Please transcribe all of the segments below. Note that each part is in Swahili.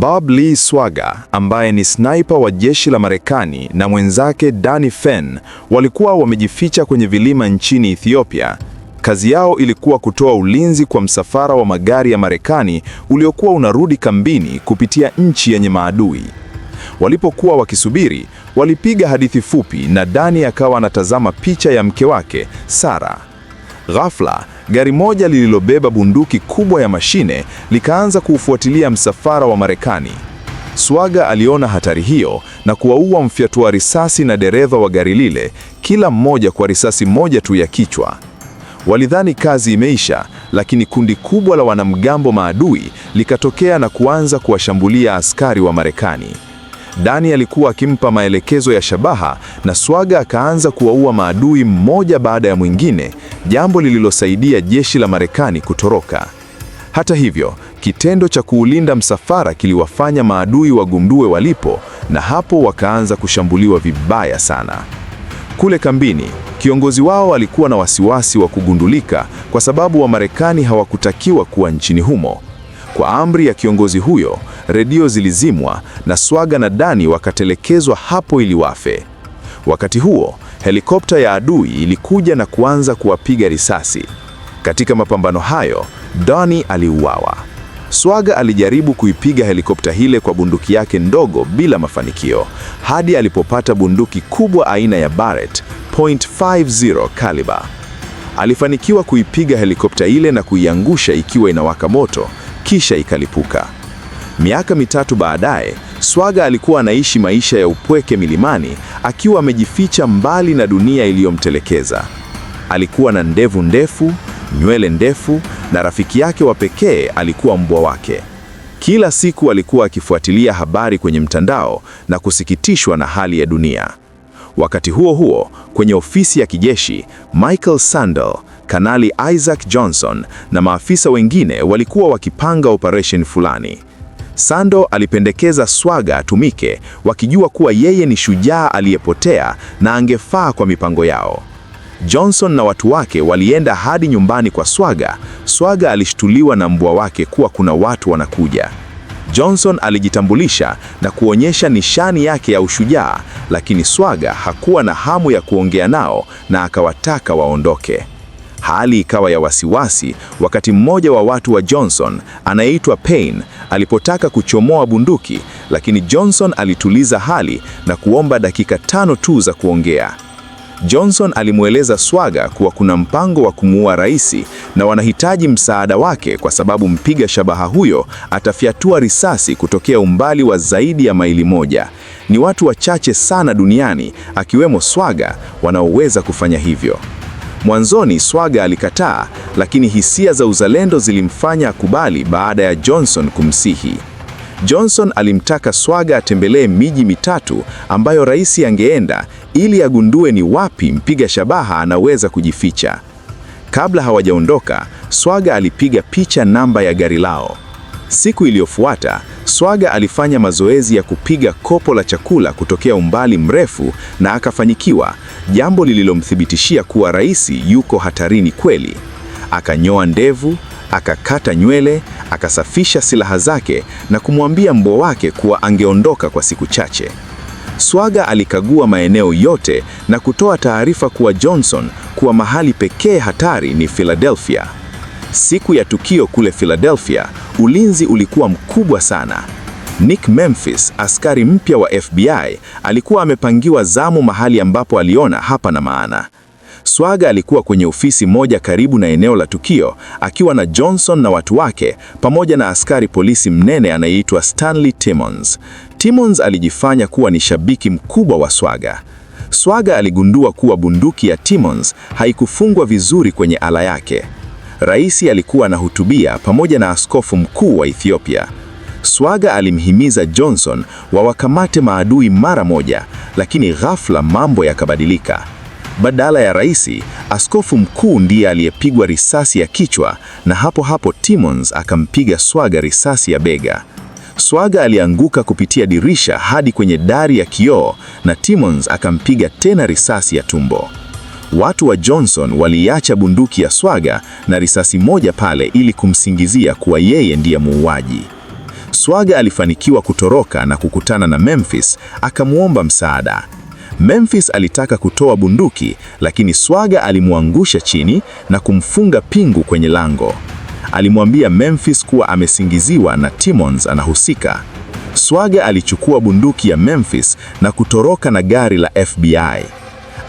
Bob Lee Swaga ambaye ni sniper wa jeshi la Marekani na mwenzake Danny Fenn walikuwa wamejificha kwenye vilima nchini Ethiopia. Kazi yao ilikuwa kutoa ulinzi kwa msafara wa magari ya Marekani uliokuwa unarudi kambini kupitia nchi yenye maadui. Walipokuwa wakisubiri, walipiga hadithi fupi na Danny akawa anatazama picha ya mke wake Sara. Ghafla gari moja lililobeba bunduki kubwa ya mashine likaanza kuufuatilia msafara wa Marekani. Swaga aliona hatari hiyo na kuwaua mfyatua risasi na dereva wa gari lile, kila mmoja kwa risasi moja tu ya kichwa. Walidhani kazi imeisha, lakini kundi kubwa la wanamgambo maadui likatokea na kuanza kuwashambulia askari wa Marekani. Dani alikuwa akimpa maelekezo ya shabaha na Swaga akaanza kuwaua maadui mmoja baada ya mwingine, jambo lililosaidia jeshi la Marekani kutoroka. Hata hivyo, kitendo cha kuulinda msafara kiliwafanya maadui wagundue walipo na hapo wakaanza kushambuliwa vibaya sana. Kule kambini, kiongozi wao alikuwa na wasiwasi wa kugundulika kwa sababu Wamarekani hawakutakiwa kuwa nchini humo. Kwa amri ya kiongozi huyo, redio zilizimwa na Swaga na Dani wakatelekezwa hapo ili wafe. Wakati huo, helikopta ya adui ilikuja na kuanza kuwapiga risasi. Katika mapambano hayo, Dani aliuawa. Swaga alijaribu kuipiga helikopta hile kwa bunduki yake ndogo bila mafanikio, hadi alipopata bunduki kubwa aina ya Barrett .50 caliber. Alifanikiwa kuipiga helikopta ile na kuiangusha ikiwa inawaka moto, kisha ikalipuka. Miaka mitatu baadaye, Swaga alikuwa anaishi maisha ya upweke milimani akiwa amejificha mbali na dunia iliyomtelekeza. Alikuwa na ndevu ndefu, nywele ndefu na rafiki yake wa pekee alikuwa mbwa wake. Kila siku alikuwa akifuatilia habari kwenye mtandao na kusikitishwa na hali ya dunia. Wakati huo huo, kwenye ofisi ya kijeshi, Michael Sandel Kanali Isaac Johnson na maafisa wengine walikuwa wakipanga operation fulani. Sando alipendekeza Swaga atumike, wakijua kuwa yeye ni shujaa aliyepotea na angefaa kwa mipango yao. Johnson na watu wake walienda hadi nyumbani kwa Swaga. Swaga alishtuliwa na mbwa wake kuwa kuna watu wanakuja. Johnson alijitambulisha na kuonyesha nishani yake ya ushujaa, lakini Swaga hakuwa na hamu ya kuongea nao na akawataka waondoke. Hali ikawa ya wasiwasi wakati mmoja wa watu wa Johnson anayeitwa Payne alipotaka kuchomoa bunduki, lakini Johnson alituliza hali na kuomba dakika tano tu za kuongea. Johnson alimweleza Swaga kuwa kuna mpango wa kumuua rais na wanahitaji msaada wake kwa sababu mpiga shabaha huyo atafyatua risasi kutokea umbali wa zaidi ya maili moja. Ni watu wachache sana duniani akiwemo Swaga wanaoweza kufanya hivyo. Mwanzoni Swaga alikataa, lakini hisia za uzalendo zilimfanya akubali baada ya Johnson kumsihi. Johnson alimtaka Swaga atembelee miji mitatu ambayo rais angeenda ili agundue ni wapi mpiga shabaha anaweza kujificha. Kabla hawajaondoka, Swaga alipiga picha namba ya gari lao. Siku iliyofuata Swaga alifanya mazoezi ya kupiga kopo la chakula kutokea umbali mrefu na akafanyikiwa, jambo lililomthibitishia kuwa Raisi yuko hatarini kweli. Akanyoa ndevu, akakata nywele, akasafisha silaha zake na kumwambia mbwa wake kuwa angeondoka kwa siku chache. Swaga alikagua maeneo yote na kutoa taarifa kuwa Johnson kuwa mahali pekee hatari ni Philadelphia. Siku ya tukio kule Philadelphia, ulinzi ulikuwa mkubwa sana. Nick Memphis, askari mpya wa FBI, alikuwa amepangiwa zamu mahali ambapo aliona hapa na maana. Swaga alikuwa kwenye ofisi moja karibu na eneo la tukio, akiwa na Johnson na watu wake, pamoja na askari polisi mnene anayeitwa Stanley Timmons. Timmons alijifanya kuwa ni shabiki mkubwa wa Swaga. Swaga aligundua kuwa bunduki ya Timmons haikufungwa vizuri kwenye ala yake. Rais alikuwa anahutubia pamoja na askofu mkuu wa Ethiopia. Swaga alimhimiza Johnson wawakamate maadui mara moja, lakini ghafla mambo yakabadilika. Badala ya raisi, askofu mkuu ndiye aliyepigwa risasi ya kichwa na hapo hapo Timmons akampiga Swaga risasi ya bega. Swaga alianguka kupitia dirisha hadi kwenye dari ya kioo na Timmons akampiga tena risasi ya tumbo. Watu wa Johnson waliacha bunduki ya Swaga na risasi moja pale ili kumsingizia kuwa yeye ndiye muuaji. Swaga alifanikiwa kutoroka na kukutana na Memphis, akamwomba msaada. Memphis alitaka kutoa bunduki, lakini Swaga alimwangusha chini na kumfunga pingu kwenye lango. Alimwambia Memphis kuwa amesingiziwa na Timmons anahusika. Swaga alichukua bunduki ya Memphis na kutoroka na gari la FBI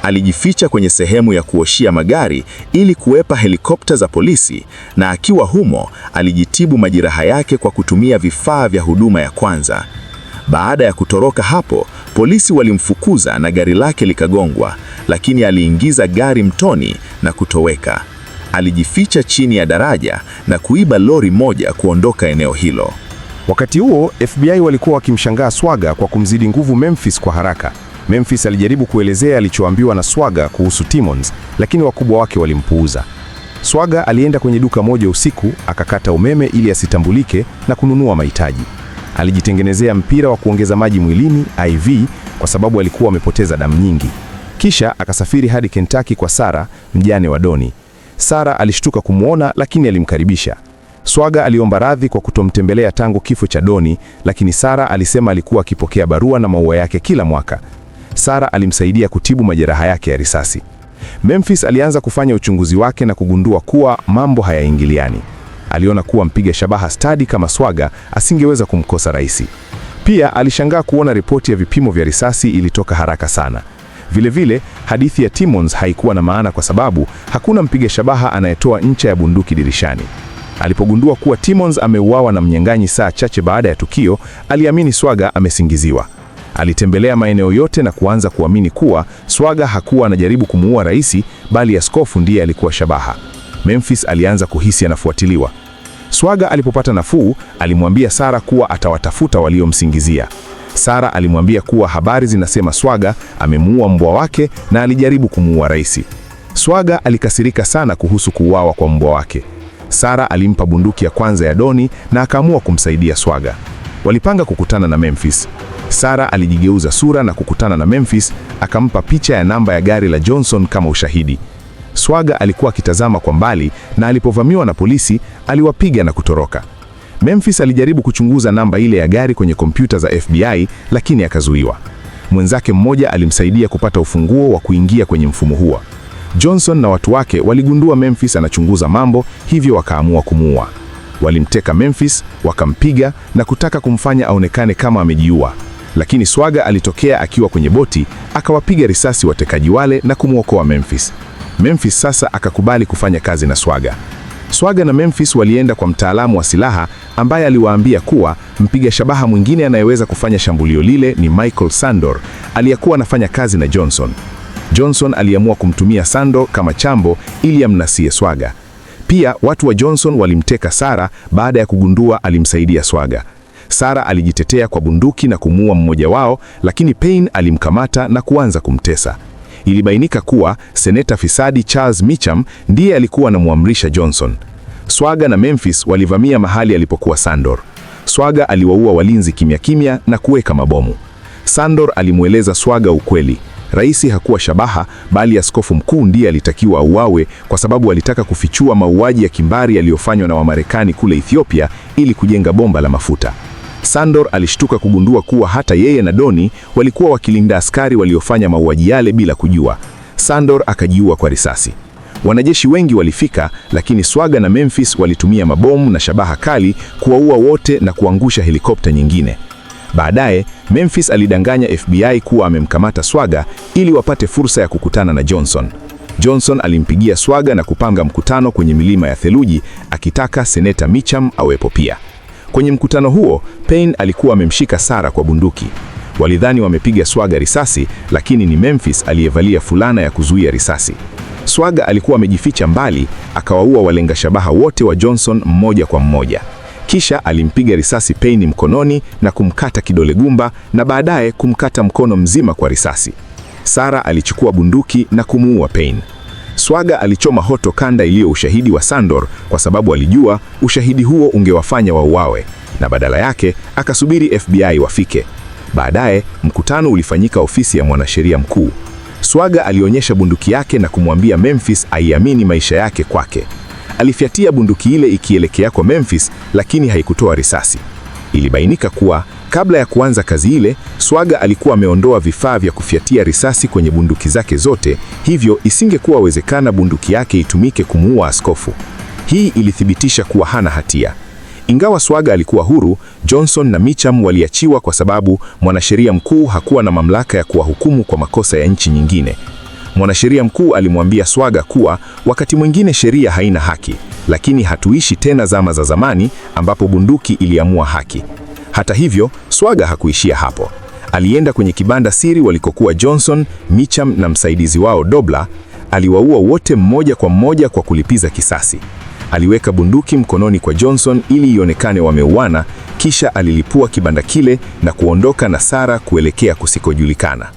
alijificha kwenye sehemu ya kuoshia magari ili kuwepa helikopta za polisi, na akiwa humo alijitibu majeraha yake kwa kutumia vifaa vya huduma ya kwanza. Baada ya kutoroka hapo, polisi walimfukuza na gari lake likagongwa, lakini aliingiza gari mtoni na kutoweka. Alijificha chini ya daraja na kuiba lori moja kuondoka eneo hilo. Wakati huo, FBI walikuwa wakimshangaa Swaga kwa kumzidi nguvu Memphis kwa haraka. Memphis alijaribu kuelezea alichoambiwa na Swaga kuhusu Timmons, lakini wakubwa wake walimpuuza. Swaga alienda kwenye duka moja usiku, akakata umeme ili asitambulike na kununua mahitaji. Alijitengenezea mpira wa kuongeza maji mwilini IV kwa sababu alikuwa amepoteza damu nyingi. Kisha akasafiri hadi Kentucky kwa Sara, mjane wa Doni. Sara alishtuka kumwona, lakini alimkaribisha. Swaga aliomba radhi kwa kutomtembelea tangu kifo cha Doni, lakini Sara alisema alikuwa akipokea barua na maua yake kila mwaka. Sara alimsaidia kutibu majeraha yake ya risasi. Memphis alianza kufanya uchunguzi wake na kugundua kuwa mambo hayaingiliani. Aliona kuwa mpiga shabaha stadi kama Swaga asingeweza kumkosa rahisi. Pia alishangaa kuona ripoti ya vipimo vya risasi ilitoka haraka sana. Vilevile vile, hadithi ya Timmons haikuwa na maana kwa sababu hakuna mpiga shabaha anayetoa ncha ya bunduki dirishani. Alipogundua kuwa Timmons ameuawa na mnyang'anyi saa chache baada ya tukio, aliamini Swaga amesingiziwa. Alitembelea maeneo yote na kuanza kuamini kuwa Swaga hakuwa anajaribu kumuua rais, bali askofu ndiye alikuwa shabaha. Memphis alianza kuhisi anafuatiliwa. Swaga alipopata nafuu, alimwambia Sara kuwa atawatafuta waliomsingizia. Sara alimwambia kuwa habari zinasema Swaga amemuua mbwa wake na alijaribu kumuua rais. Swaga alikasirika sana kuhusu kuuawa kwa mbwa wake. Sara alimpa bunduki ya kwanza ya Doni na akaamua kumsaidia Swaga. Walipanga kukutana na Memphis. Sara alijigeuza sura na kukutana na Memphis, akampa picha ya namba ya gari la Johnson kama ushahidi. Swaga alikuwa akitazama kwa mbali na alipovamiwa na polisi aliwapiga na kutoroka. Memphis alijaribu kuchunguza namba ile ya gari kwenye kompyuta za FBI lakini akazuiwa. Mwenzake mmoja alimsaidia kupata ufunguo wa kuingia kwenye mfumo huo. Johnson na watu wake waligundua Memphis anachunguza mambo, hivyo wakaamua kumuua. Walimteka Memphis, wakampiga na kutaka kumfanya aonekane kama amejiua lakini Swaga alitokea akiwa kwenye boti akawapiga risasi watekaji wale na kumwokoa Memphis. Memphis sasa akakubali kufanya kazi na Swaga. Swaga na Memphis walienda kwa mtaalamu wa silaha ambaye aliwaambia kuwa mpiga shabaha mwingine anayeweza kufanya shambulio lile ni Michael Sandor aliyekuwa anafanya kazi na Johnson. Johnson aliamua kumtumia Sandor kama chambo ili amnasie Swaga. Pia watu wa Johnson walimteka Sara baada ya kugundua alimsaidia Swaga. Sara alijitetea kwa bunduki na kumuua mmoja wao, lakini Payne alimkamata na kuanza kumtesa. Ilibainika kuwa seneta fisadi Charles Micham ndiye alikuwa anamwamrisha Johnson. Swaga na Memphis walivamia mahali alipokuwa Sandor. Swaga aliwaua walinzi kimya kimya na kuweka mabomu. Sandor alimweleza Swaga ukweli. Raisi hakuwa shabaha bali askofu mkuu ndiye alitakiwa auawe kwa sababu alitaka kufichua mauaji ya kimbari yaliyofanywa na Wamarekani kule Ethiopia ili kujenga bomba la mafuta. Sandor alishtuka kugundua kuwa hata yeye na Doni walikuwa wakilinda askari waliofanya mauaji yale bila kujua. Sandor akajiua kwa risasi. Wanajeshi wengi walifika, lakini Swaga na Memphis walitumia mabomu na shabaha kali kuwaua wote na kuangusha helikopta nyingine. Baadaye Memphis alidanganya FBI kuwa amemkamata Swaga ili wapate fursa ya kukutana na Johnson. Johnson alimpigia Swaga na kupanga mkutano kwenye milima ya theluji akitaka seneta Micham awepo pia. Kwenye mkutano huo, Payne alikuwa amemshika Sara kwa bunduki. Walidhani wamepiga Swaga risasi, lakini ni Memphis aliyevalia fulana ya kuzuia risasi. Swaga alikuwa amejificha mbali, akawaua walenga shabaha wote wa Johnson mmoja kwa mmoja. Kisha alimpiga risasi Payne mkononi na kumkata kidole gumba na baadaye kumkata mkono mzima kwa risasi. Sara alichukua bunduki na kumuua Payne. Swaga alichoma hoto kanda iliyo ushahidi wa Sandor kwa sababu alijua ushahidi huo ungewafanya wauawe, na badala yake akasubiri FBI wafike. Baadaye mkutano ulifanyika ofisi ya mwanasheria mkuu. Swaga alionyesha bunduki yake na kumwambia Memphis aiamini maisha yake kwake. Alifyatia bunduki ile ikielekea kwa Memphis, lakini haikutoa risasi. Ilibainika kuwa Kabla ya kuanza kazi ile, Swaga alikuwa ameondoa vifaa vya kufyatia risasi kwenye bunduki zake zote, hivyo isingekuwa wezekana bunduki yake itumike kumuua askofu. Hii ilithibitisha kuwa hana hatia. Ingawa Swaga alikuwa huru, Johnson na Micham waliachiwa kwa sababu mwanasheria mkuu hakuwa na mamlaka ya kuwahukumu kwa makosa ya nchi nyingine. Mwanasheria mkuu alimwambia Swaga kuwa wakati mwingine sheria haina haki, lakini hatuishi tena zama za zamani ambapo bunduki iliamua haki. Hata hivyo, Swaga hakuishia hapo. Alienda kwenye kibanda siri walikokuwa Johnson, Micham na msaidizi wao Dobla. Aliwaua wote mmoja kwa mmoja kwa kulipiza kisasi. Aliweka bunduki mkononi kwa Johnson ili ionekane wameuana, kisha alilipua kibanda kile na kuondoka na Sara kuelekea kusikojulikana.